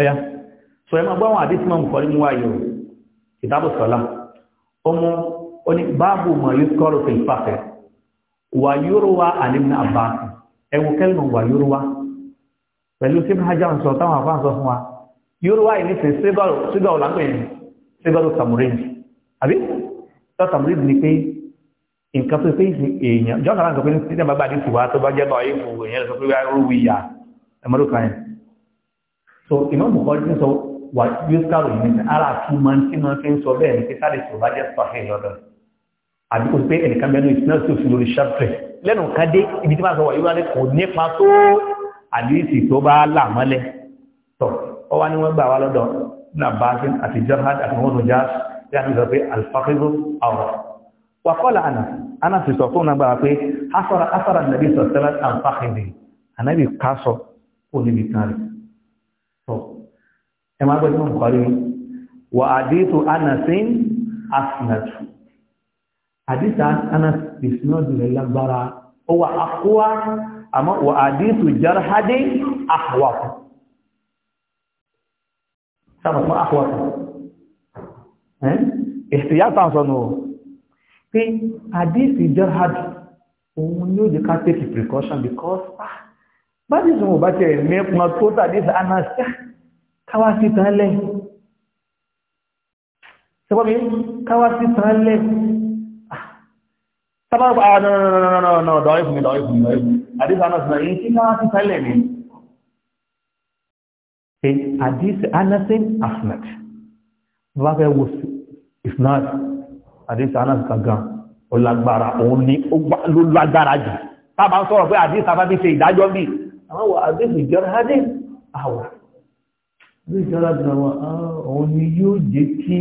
ọ̀yá so ẹ máa gbọ́ àwọn àdísí mọ́ nǹkan mú ayò kitabu sọ́lá ọmọ oní báàbù mọ̀ yóò kọ́rọ̀ fún ìfàfẹ́ wà yóò wá àlìmí àbá ẹwù kẹ́lìmọ̀ wà yóò wá pẹ̀lú sí hajjá ń sọ táwọn sọ fún wa yóò wá ìní sí sígá ọ̀làgbẹ̀ yẹn sígádù tàmùrìn àbí tó tàmùrìn ni pé nǹkan tó pé èèyàn jọ́nà láǹkà pé ní sídẹ̀ so Imam Bukhari ti sọ wà yóò kárò yìí nìyẹn ara àtúmọ̀ tí wọ́n fi ń sọ bẹ́ẹ̀ ni pé sáré tó bá jẹ́ sọ̀hẹ́ lọ́dọ̀ àbí kò sí pé ẹnìkan bẹ́ẹ̀ ní ìsinmi tó fi lórí ṣàpẹ̀ lẹ́nu kadé ibi tí wọ́n sọ wà yóò wá ní kò nípa tó àdéhìsì tó bá là mọ́lẹ̀ tọ̀ ọ wá ní wọ́n gbà wá lọ́dọ̀ nàbàṣin àti jahad àti wọn nùjá yá ní sọ pé alfakiru ọ̀rọ̀ wà kọ́lá àná àná sì sọ fún un náà pé asọ̀rọ̀ asọ̀rọ̀ nàbí sọ̀tẹ́lá alfakiru ànábì kásọ̀ kó níbi kan rẹ̀ ẹmọ agbẹ́sí mọ̀ bukari wà àdíìtò anasin asinatu àdíìtò anas ìsinadu rẹ̀ lágbára ó wà akúwá àmọ́ wà àdíìtò jarhadi ahwafu sábàtún ahwafu ìsìyàtà sọ́nà pé àdíìtò jarhadi òun ni ó jẹ́ ká precaution because ah, bá dìsùn ò bá tẹ̀ mẹ́kùnà tó káwá sí tán lẹ̀ ṣẹ́gbọ́n mi káwá sí tán lẹ̀ sábà pa àwọn ọ̀nà ọ̀dọ̀ ìfúnmi ọ̀dọ̀ ìfúnmi àdísà náà sinà ni àdísà anasin ahmed bá fẹ́ wo isnad àdísà anasin kankan ó lágbára òun ni ó lágbára jù tábà ń sọ̀rọ̀ pé àdísà bá fi ṣe ìdájọ́ bí àwọn àdísà ìjọra bí ìṣọ́lá bí àwọn ah, òun ni yóò jẹ́ kí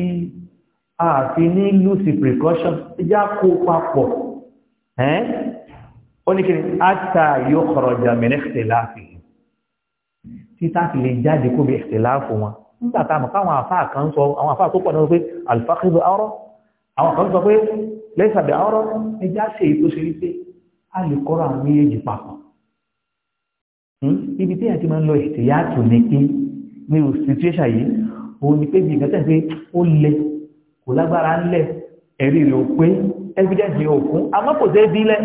ààfin ní lùsì precaution já kó papọ̀ ẹ́n ó ní kiri àtà yóò kọ̀rọ̀ jàmìnì ìtìláàfì títà fi lè jáde kó bí ìtìláàfù wọn nígbà tá a mọ̀ káwọn àfáà kan sọ àwọn àfáà tó pọ̀ náà pé alfakiru ọ̀rọ̀ àwọn kan sọ pé lẹ́sàbẹ̀ ọ̀rọ̀ ẹjá ṣe ètò ṣe wípé a lè kọ́ra àwọn méjèèjì papọ̀ hmm? ibi tí ẹ̀ ti máa ń lọ ìtìyàtù ní kí ní situation yìí òun ni pé bí nǹkan tẹ̀sí ó lẹ kò lágbára ń lẹ ẹ̀rí rẹ̀ ò pé evidence yẹn ò kún àmọ́ kò sí ẹbí lẹ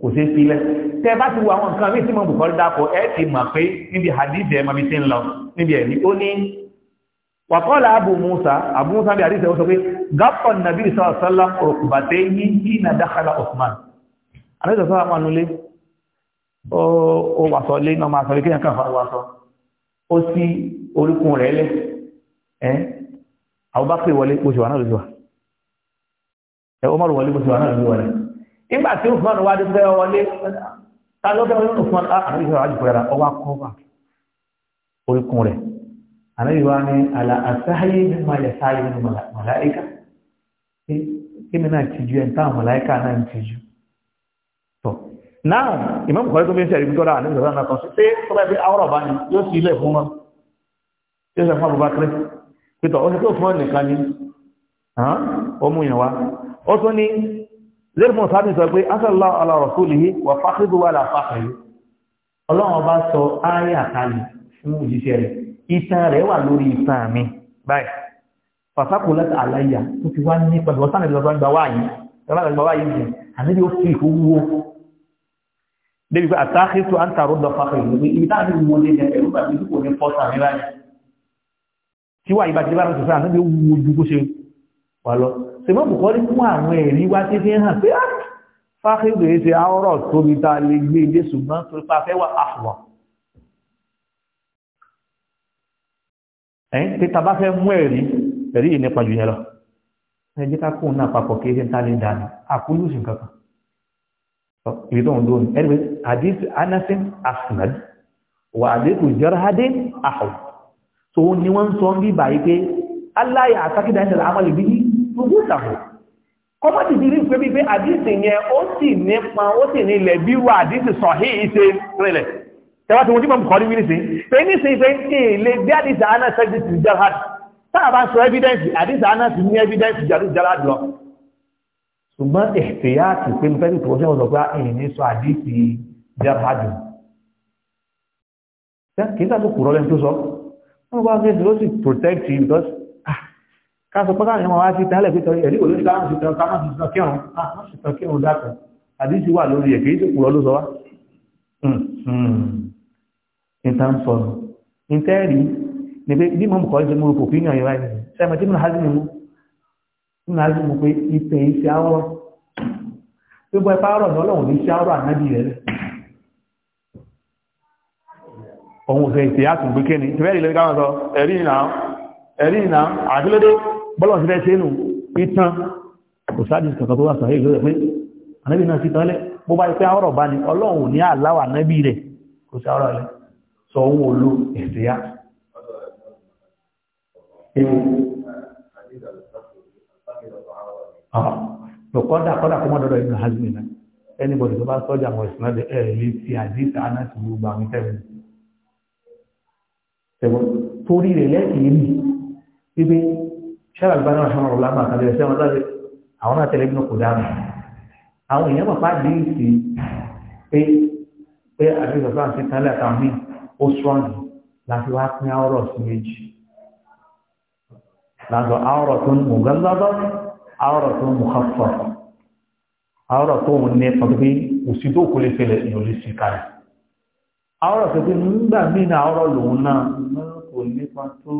kò sí ẹbí lẹ tẹ bá ti wo àwọn nǹkan míì tí mo bùkọ́ dákọ̀ ẹ ti mọ̀ pé níbi hadith ẹ̀ mọ̀mí ti ń lọ níbi ẹ̀rí ó ní wàkọ́lá abu musa abu musa bí hadith ẹ̀ ó sọ pé gáfọ̀ nàbí sọ́ọ̀sọ́lá òkùbàtẹ́ yí yí nà dákàlà osman àlejò sọ́wọ́ àwọn anulé ó wàsọ lé náà máa sọ lé kéèyàn kàn fà wàsọ ó sí orúkún rẹ̀ lẹ̀ ẹ́ àwọn bá pè wọlé oṣù wà náà lóṣù wà ẹ ó mọ̀rọ̀ wọlé oṣù wà náà lóṣù wà rẹ̀ nígbà tí òfin wà ní fẹ́ wọlé ta ló fẹ́ wọlé òfin wà ní ìṣòro àjùkọ rẹ̀ ọwọ́ akọ́wà orúkún rẹ̀ ànábì wa ní àlà àsáyé mímọ ilẹ̀ sáyé nínú màláìka kí mi náà tìjú ẹ̀ ń táwọn màláìka náà ń tìjú náà Imam mùkọ́lẹ́ tó bí ń sẹ̀rí bí tọ́lá àníbì sọ́lá kan sí pé tó bá bí àwọ̀rọ̀ bá ní yóò sí ilẹ̀ fún wọn yóò sọ fún Abubakar pítọ̀ ó sì tó fún ọ nìkan ni ó mú yàn wá ó tún ní lẹ́rùmọ̀ sábì sọ pé asàlá alárọ̀sólì wà fákìdù wà láfáàkì ọlọ́run ọba sọ ayé àkàlì fún òjíṣẹ́ rẹ̀ ìtàn rẹ̀ wà lórí ìtàn mi báyìí fàtàkù láti àlàyé tó débi pé àtàkìtò à ń tàró dọ̀fà pẹ̀lú ibi táàbí mú ọdẹ jẹ ẹ̀rú bàbí tí kò ní fọ́sà ní láyé tí wà ìbàjẹ́ bá lọ́sọ̀sọ́ àti bí ó wu ojú bó ṣe wà lọ ṣèmọ́ bùkọ́ ní fún àwọn ẹ̀rí wá sí fi hàn pé ah, fákìtò yìí ṣe àwọ̀rọ̀ tóbi tá a lè gbé ilé ṣùgbọ́n tó pa fẹ́ wà àfùwà. ẹ̀yìn tí ta bá fẹ́ mú ẹ̀rí ẹ̀rí yìí nípa jù yẹn lọ ẹ ká kóun náà papọ̀ kí ẹ ibi tó ń dóni ẹni pé hadith anasin asnad wà hadith jarhadin ahud so ni wọ́n sọ ń bí báyìí pé aláyà àtàkìdá ìṣẹ̀lẹ̀ àmàlì bí gbogbo ìtàkùn kọ́mọ́tì ti rí pé bí pé àdíṣì yẹn ó sì nípa ó sì nílẹ̀ bí wà àdíṣì sọ̀hí ìṣe rẹ̀lẹ̀ tẹ́wà tí wọ́n tí mọ̀ kọ́ ní wínísí pé ní ṣe ṣe èlé bí àdíṣì anáṣẹ́ ti jẹ́ hàd evidence àdíṣì anáṣì ní evidence jẹ́ hàd ṣùgbọ́n ìhtìyàtì pé nípa ìtò ọjọ́ ọ̀sọ̀ pé ah, ẹ̀yìn ní sọ àdìsí jarhadu kì í sáà tó kúrọ́ lẹ́nu tó sọ wọ́n bá gbé ló sì protect you because ah, ká sọ pátá ìyẹn wọn wá sí tẹ́lẹ̀ pé tọ́rí ẹ̀rí olórí ká sì tán ká má sì tán kírun ká ah, má sì tán kírun dákọ̀ àdìsí wà lórí ẹ̀ kì í sì kúrọ́ ló sọ wá ìtàn hmm, hmm. sọnù ìtẹ́ẹ̀rí ni pé bí mo mọ̀ nínú àti pé ìtẹ̀ iṣẹ́ àárọ̀ tó bọ́ ipá àárọ̀ náà ní iṣẹ́ àárọ̀ ànábì rẹ̀ rẹ̀ ọ̀hun òfin ìtẹ̀ àtùn pé kéni tí bẹ́ẹ̀rẹ̀ lẹ́gbẹ̀rẹ̀ sọ ẹ̀rí ìnà ẹ̀rí ìnà àdílódé bọ́lọ̀ lọ kọ́dà kọ́dà kó mọ́ dọ́dọ̀ Ibn Hazm náà anybody tó bá sọ́jà àwọn ìsìn náà ẹ̀ lè fi àdìsí àná sí gbogbo àwọn ìtẹ́wọ̀n tẹ̀wọ̀n torí rẹ̀ lẹ́sìn rí wípé ṣẹ́ra àgbà náà ṣọ́nà ọ̀la máa kàlẹ̀ ṣẹ́wọ̀n láti àwọn náà tẹ̀lé Ibn Qudama àwọn èèyàn bàbá àdìsí pé pé àdìsí ọ̀sán àti tẹ́lẹ̀ àtàwọn míì ó sọ́ọ̀nù láti wá pín àwòrán sí méjì láti àárọ̀ tó mú káfà àárọ̀ tó mú ní ẹ̀pọ̀ pé òsì tó kò lè fẹ́lẹ̀ ìyọ̀ lè ṣe kalẹ̀ àárọ̀ tó pé nígbà míì náà àárọ̀ lòun náà kò nípa tó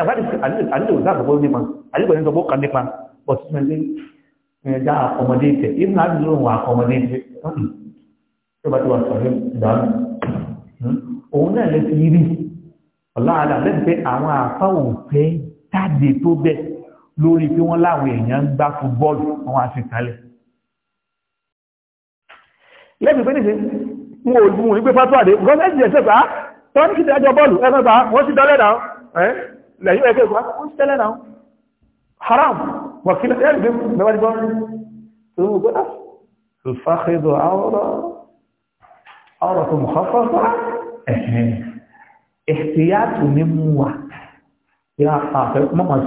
ẹ̀wádìí àlejò dáàbòbò nípa àlejò ní sọ́kò kan nípa bọ́sí mẹ́lẹ́ ẹ̀dá àkọmọdé tẹ̀ ìmú àdúró wọn àkọmọdé tẹ̀ tó bá ti wà sọ̀rọ̀ ìdáná hmm. òun náà lè fi rí ọ̀la àdá lẹ́nu pé àwọn àfa òfẹ́ jáde tó bẹ́ẹ̀ lórí pé wọ́n láwọn èèyàn ń gbá fútbọ́ọ̀lù wọn àti ìkálẹ̀. lẹ́bí pé nìṣe wọn ò gbùn nígbé fátúwàdé gọ́ọ̀mẹ́ntì jẹ́ sẹ́pàá tọ́ní kí dájọ́ bọ́ọ̀lù ẹgbẹ́gbà wọ́n sí dọ́lẹ̀ náà lẹ́yìn ẹgbẹ́ ìgbà wọ́n sí tẹ́lẹ̀ náà haram wàkílẹ̀ ẹgbẹ́ ìgbẹ́ ìgbẹ́ ìgbẹ́ ìgbẹ́ ìgbẹ́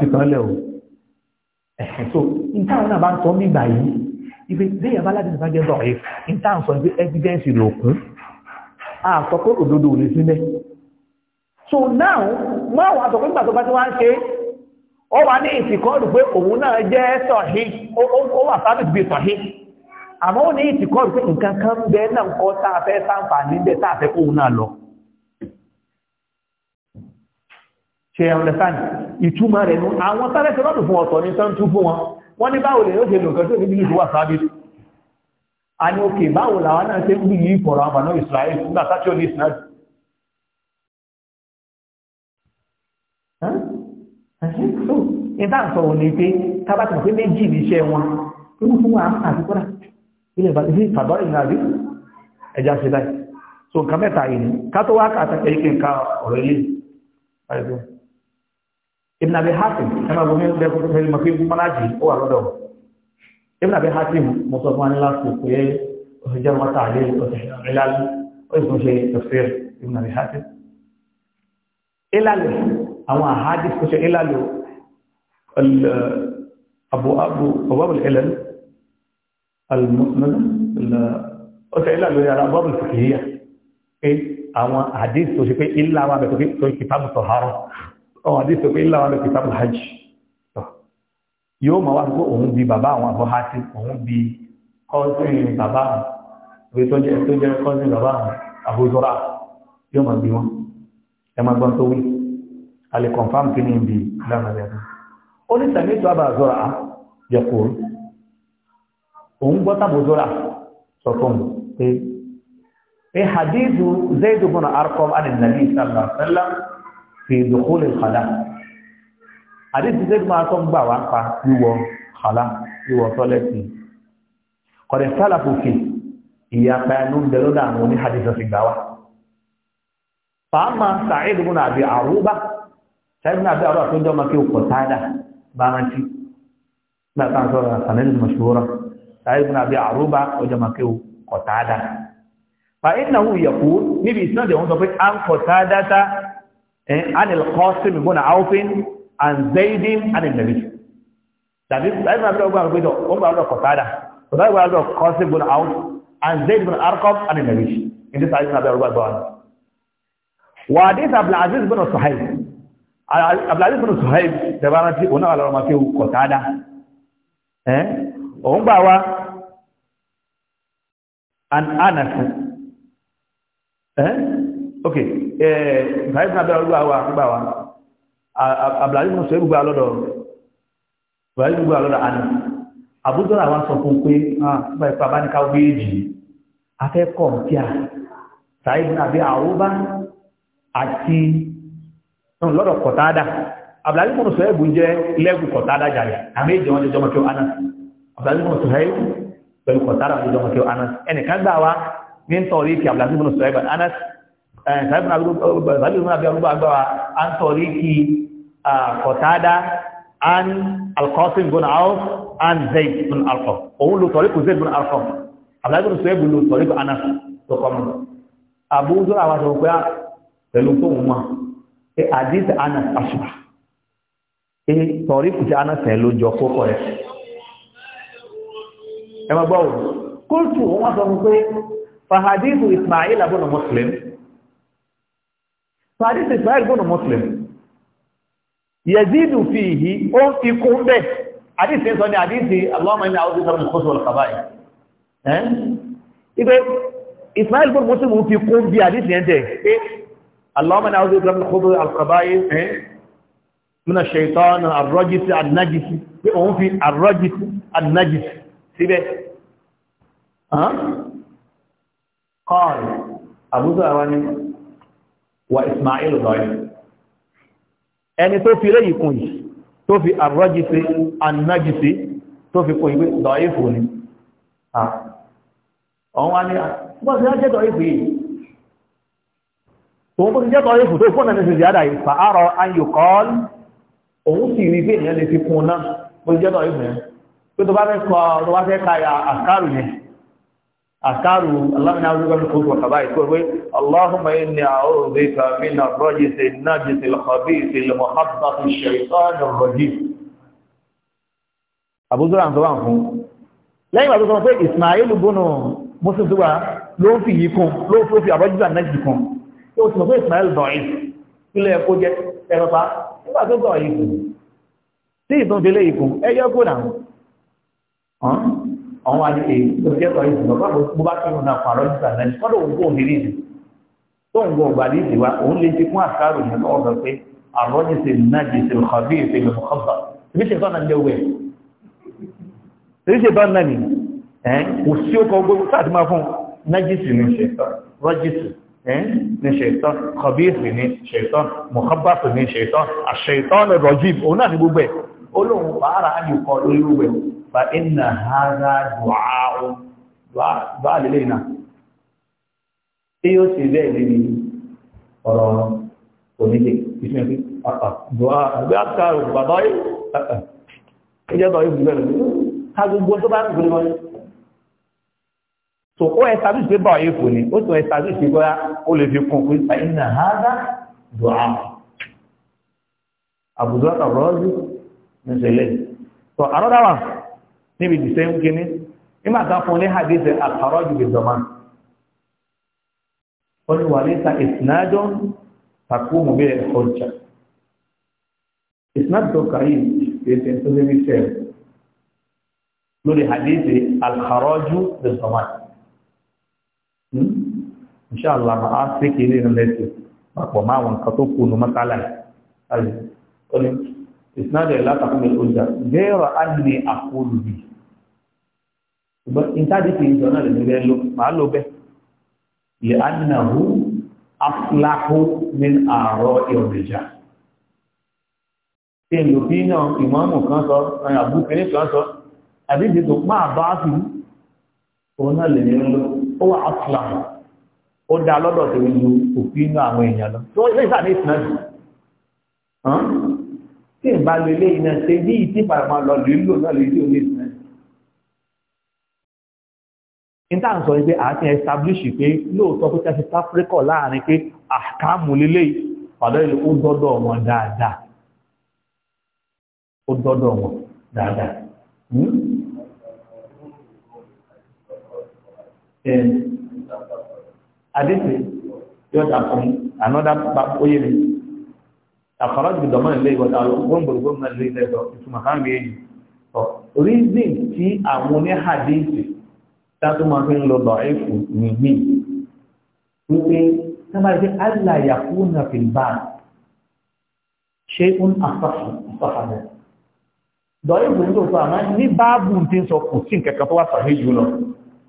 ìgbẹ́ ìgbẹ́ ìgbẹ́ so in náà bá ń sọ nígbà yìí ibi lẹ́yìn abáláde nìkan jẹ́ dọ̀ọ̀yẹ ìtàn sọ ibi a sọ pé òdodo ò lè sí mẹ́ so now wọ́n àwọn àtọ̀kọ́ nígbà tó bá ti wá ń ṣe ó wà ní ìtìkọ́ọ̀dù pé òun náà jẹ́ sọ̀hí ó wà sábì a ṣe understand ìtumọ̀ rẹ̀ nú àwọn tálẹ́sẹ̀ lọ́dún fún ọ̀tọ̀ ní tán tún fún wọn wọ́n ní báwo lè ó ṣe lò nǹkan tó ní bílíì tó wà sáábì a ní òkè báwo làwọn náà ṣe ń bí yìí fọ̀rọ̀ àmàná Israel nígbà sáṣọ ní Israel ìdá sọ̀rọ̀ ní pé tábàtì pé méjì níṣẹ́ wọn inú fún wa àti kọ́dà ilẹ̀ ìfàdọ́rẹ̀ ìrìnàrí ẹja ṣe láì so nǹkan mẹ́ta yìí ká tó wá kàtà ẹ̀yìn kí nǹkan ọ̀rọ̀ ilé ibn abi hatim kama bo men be ko tel mafi bu manaji o wa rodo ibn abi hatim mo so ko an la ko ko ye hujjar wa ta'lil wa ilal o ko se tafsir ibn abi hatim ilal àwọn hadith ko se ilal al abu abu abab al ilal al musnad al o se ilal ya abab al fiqhiyya e àwọn hadith tó ṣe pé wa be to ki to ki tabu tahara ọ̀wọ̀n àti ìsọ̀pẹ́ ńlá wọn lọ kìí sábà hajj yóò máa wá pé òun bí bàbá àwọn àbọ̀ hati òun bí kọ́sìn bàbá àwọn ìwé tó jẹ́ tó jẹ́ kọ́sìn bàbá àwọn àbójọ́ra yóò máa bí wọn ẹ máa gbọ́n tó wí a lè confam kí ni bí lánàá rẹ̀ ó ní sàmì ètò àbàzọ́ra yẹ kó òun gbọ́ sàbòjọ́ra sọ fún mi pé ẹ hadithu zaidu bin arqam an nabi sallallahu alaihi wasallam fi dùkúlù ìkàlá àdéhùn tí máa tọ́ gbà wá pa wíwọ kàlá wíwọ tọ́lẹ́tì kọ̀dẹ̀ sálàfòfin ìyapa ẹnu ń bẹ lọ́dọ̀ àwọn oníhàdìsọ fi gbà wá fàámà sàáìdì múnà àbí àrúbá sàáìdì múnà àbí àrúbá tó jọ́ makí òkò tààdà bá rántí látà sọ́rọ̀ sàmẹ́lì mọ̀ṣúwọ́rọ̀ sàáìdì múnà àbí àrúbá ó jọ́ fa iná hù yẹ̀kú níbi ìsinàdì wọn sọ pé à ń kọ̀ عن القاسم بن عوف عن زيد عن النبي tàbí láti máa bí ọgbà àgbẹ̀dọ̀ ó gbà lọ́dọ̀ kọ̀tàdà ọ̀dọ̀ ìgbà lọ́dọ̀ kọ́sí bùn àwọn and zayd bùn arqam and nabish in this hadith àbẹ̀ ọgbà àgbà wọn. wà á dẹ́sẹ̀ abdulaziz bùn suhaib abdulaziz bùn suhaib dẹ̀bára tí òun náà lọ́rọ̀ máa fi kọ̀tàdà òun gbà wá and anas eh? ok eh, ibrahim abẹ́rẹ́ olúwa wa gbà wa abdulaziz musa gbà lọ́dọ̀ ibrahim gbà lọ́dọ̀ àná àbújọ́lá wa sọ fún pé ah, nígbà ìpa bá ní ká wéèjì afẹ́kọ̀ tí a sàáyé ní àbí àwọ́bá àti um, lọ́dọ̀ kọ̀tádà abdulaziz musa gbù jẹ́ lẹ́gù kọ̀tádà jàre àmì ìjọ wọn jọmọ kí ó aná abdulaziz musa gbù pẹ̀lú kọ̀tádà wọn jọmọ kí ó aná ẹnìkan gbà wa ní nítorí kí abdulaziz musa gbà aná sàbílùmọ́ àbí ọlọ́gbà agbára an tọ̀rí kí kọ̀tádá an alkọ́sìn gọ́nà an zayd bin alkọ́ òun ló tọ̀rí kù zayd bin alkọ́ àbúlágbọ́n sọ ébù ló tọ̀rí kù anas tó kọmù àbúrúzọ́ àwọn àṣọ pé pẹ̀lú tó mú wọn pé àdís anas aṣùpá pé tọ̀rí kù sí anas ẹ̀ ló jọ kókọ̀ rẹ̀ ẹ má gbọ́ kóòtù wọn sọ fún muslim sàdísì ìsìláìlì gbọ́nà muslim yẹ̀zídù fi ìhì ó ń fi kún bẹ́ àdísì sọ ní àdísì aláwọ̀mọ̀ ní àwọn ìsìláìlì kó sọ lọ́kàbáyì ìgbé ìsìláìlì gbọ́nà muslim fi kún bí àdísì ẹ̀ntẹ̀ pé aláwọ̀mọ̀ ní àwọn ìsìláìlì kó sọ lọ́kàbáyì múnà ṣẹ̀tọ́nù àrọ́jìsí ànájìsí pé òun fi àrọ́jìsí ànájìsí síbẹ̀ wa Ismail lọ́yìn ẹni tó fi lẹ́yìn kùn yìí tó fi àrọ́jìsí anájìsí tó fi kùn ìwé lọ́yìn fún ni ọ̀hún wá ní bọ́sí á jẹ́ lọ́yìn fún yìí tòun bó ti jẹ́ lọ́yìn fún tó fún ẹni jẹ́ lọ́yìn fún tó bá fẹ́ kọ́ tó bá أكاروا اللهم نعوذ بك من الخبث والخبائث اللهم إني أعوذ بك من الرجس النجس الخبيث المخبط الشيطان الرجيم Abu Zur'a sọ wọ́n fún lẹ́yìn àti sọ pé Ismail bónú Muslim tó wà ló fi yìí kún ló fi fi àbọ́jú ànájì kún tó ti mọ̀ pé Ismail dọ̀yìn ilé ẹ̀kọ́ jẹ́ ẹ̀rọpa nígbà tó dọ̀yìn kún tí ìtàn délé yìí kún ẹ̀yọ́ kó dà àwọn àdìgbè tó jẹ́ sọ ìsìn lọ́pọ̀ bó bá kírun náà fún àrọ́jú sàn náà kọ́dọ̀ òun kò ní rí ìsìn tó ń gbọ́ ọgbà ní ìsìn wa òun lè ti fún àṣàrò yẹn lọ́wọ́ sọ pé àrọ́jú sí nájì sí ọ̀bí ìsìn lọ́mọ kọ́bà ibi ṣe fọ́nà ilé wẹ̀ ibi ṣe fọ́nà ni kò sí ó kọ sáàtì máa fún nájì sí ní ṣètọ́ rọ́jì sí ní ṣètọ́ kọ̀bí ìsìn ní ṣètọ́ fa inna hadha du'a'u du'a lélẹ̀ náà tí yóò ṣe bẹ́ẹ̀ lé ní ọ̀rọ̀ onílé ìṣẹ́ pé ah, ah, du'a àgbé àkàrò bàbá yìí ẹjẹ́ ah, bàbá yìí bùgbẹ́ rẹ̀ ká gbogbo tó bá gbogbo wọn so ó ẹ̀sàbí ṣe bá ọ̀yẹ́ fòní ó tún ẹ̀sàbí ṣe bá ó lè fi kún fa inna hadha du'a'u àbùdó àtàrọ̀ ọ́dún ní ṣẹlẹ̀ so another one níbi ìdìsẹ́ ń kíní nígbà tá a fún ní hadith àkàrọ̀ ju ìdọ̀mà ó ní wà níta ìsìnájọ́ takú mú bí ẹ̀kọ́ ìjà ìsìnájọ́ kàrí ètò tó débi sẹ́ẹ̀ lórí hadith àkàrọ̀ ju ìdọ̀mà inṣàlá máa ṣe kiri ìrìnlẹ́sì papọ̀ máa wọn kan kú nu mọ́tálà yìí isnad ẹ̀ látàkùn lè ọjà bẹ́ẹ̀rọ adìní àkóòlù bì ṣùgbọ́n ìtàdí fi ìjọ náà lè ní bẹ́ẹ̀ lọ màá lọ bẹ́ẹ̀ lè adìnàhù afúláhù ní àárọ̀ ìrọ̀lẹ́jà ṣe lò bí náà ìmọ̀ọ́mù kan sọ àbúkẹ́ni kan sọ àbí ìdètò máa bá fi òun náà lè ní lọ ó wà afúláhù ó dá lọ́dọ̀ tó ń lu òfin náà àwọn èèyàn lọ tó ń ṣe tí n bá lo eléyìí náà ṣe bí ìtí ìpàdàmọ́ lọ lè lò náà lè lò lè sinmi. níta ń sọ pé a ti establish pé lóòótọ́ pé kẹ́sì sáfíríkọ̀ láàrin pé àkàmù lélẹ́yìí pàdé ìlú ó dọ́dọ̀ wọn dáadáa ó dọ́dọ̀ wọn dáadáa. Hmm? Eh, Adéṣe yóò dà fún another oyè mi àfàràjù dọ̀mọ́ ilé ìwọ̀n gbọ́ngbọ̀n gómìnà ilé ìtẹ́jọ́ ìtumọ̀ kan rí èyí reason tí àwọn oníhàdíìsì tátó máa fi ń lọ lọ ẹ̀fù nìyí wípé sábà ṣe aláyàkú na fi bá ṣe ń àfàfàdà dọ̀yìn kò ní tó sọ àmọ́ ní báàbù tí ń sọ kò sí nǹkan tó wà sàré jù lọ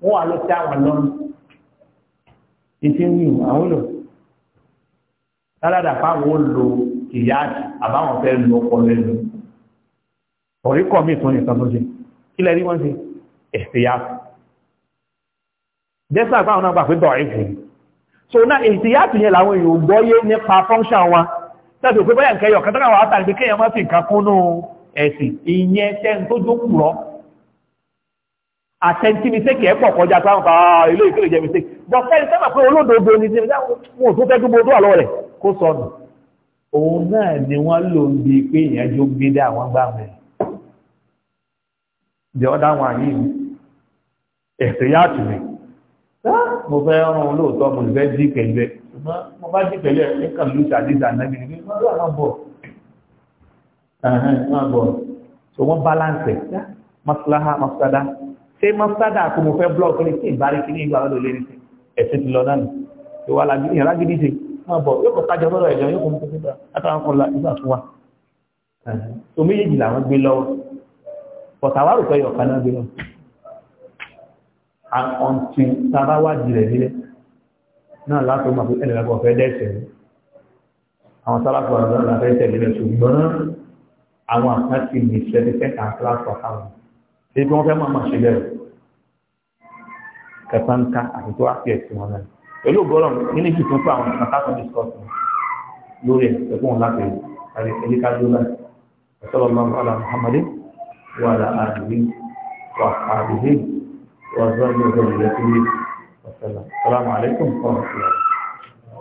wọ́n wà ló tẹ́ àwọn lọ́nà ìyá àbáwọn fẹ́ lu ọpọlọ ẹnu ọ̀rí kọ̀ mí ìtún nìkan tó ṣe kí lẹ́rí wọ́n ṣe ẹ̀sìyá dẹ́sà àbáwọn náà gbà pé dọ̀rí fún so náà ẹ̀sìyá tù yẹn làwọn èèyàn gbọ́yé nípa fọ́nṣàn wa tẹ́sì òpé bọ́yà nkẹyọ kan tọ́ka wàá tàbí kéèyàn má fi nǹkan kúnnú ẹ̀sìn ìyẹn tẹ́ni tó jókù rọ àtẹ̀ntì mistake ẹ̀ pọ̀ kọjá táwọn fa ilé ìkéde jẹ́ mistake bọ̀ fẹ́ni sábà pé olódodo ni ti wọ́n tó fẹ́ dúbò tó àlọ́ rẹ̀ kó sọnù òun náà ni wọ́n lò ń bi pé èèyàn jó gbé dá àwọn gbà mẹ́ the other one yìí ẹ̀sẹ̀ yá tù mí mo fẹ́ rán lóòótọ́ mo fẹ́ dí pẹ̀lú ẹ̀ mo bá dí pẹ̀lú ẹ̀ nǹkan ló ṣàdíjà náà bí níbi wọ́n lọ́wọ́ bọ̀ wọ́n bọ̀ so wọ́n balance ẹ̀ maslaha masada ṣé masada kò mo fẹ́ blọọkì ní kí n bá rí kí ní ìgbà lọ́dọ̀ lé ní ẹ̀sẹ̀ ti lọ náà ni ìwà làgídí ìyàrá gidi ṣe máa bọ̀ yóò kọ̀ kájọ lọ́rọ̀ ẹ̀jọ́ yóò kọ̀ mú kó síta látàwọn kan nígbà tó wà. tó méjèèjì làwọn gbé lọ́wọ́ pọ̀tàwárò pẹ́ yọ̀ọ̀kan náà gbé lọ. àǹtí tara wá jìrẹ̀ nílẹ̀ náà látò máa fi ẹnì lágbọ̀n fẹ́ dẹ́sẹ̀ àwọn sálákùn àwọn náà fẹ́ tẹ̀lé rẹ̀ ṣùgbọ́n àwọn àkáǹtì ní sẹ́tẹ́tẹ́ kàńtàlásọ̀ àwọn ṣé bí wọ́n fẹ́ máa máa ṣe bẹ́ẹ̀ kẹfà àti tó á fi ẹ̀sìn wọn náà pẹ̀lú ọgọ́rùn nínú ìtùtù fún àwọn ìtàkùn discourse lórí ẹ̀kún láti àrí ẹ̀lẹ́kájú náà ẹ̀sọ́lọ́ lọ́wọ́ ala muhammadu wa ala alihi wa alihi wa zọ́ọ̀lù zọ́ọ̀lù yẹ́kúlé wa sallam salamu alaikum wa rahmatullahi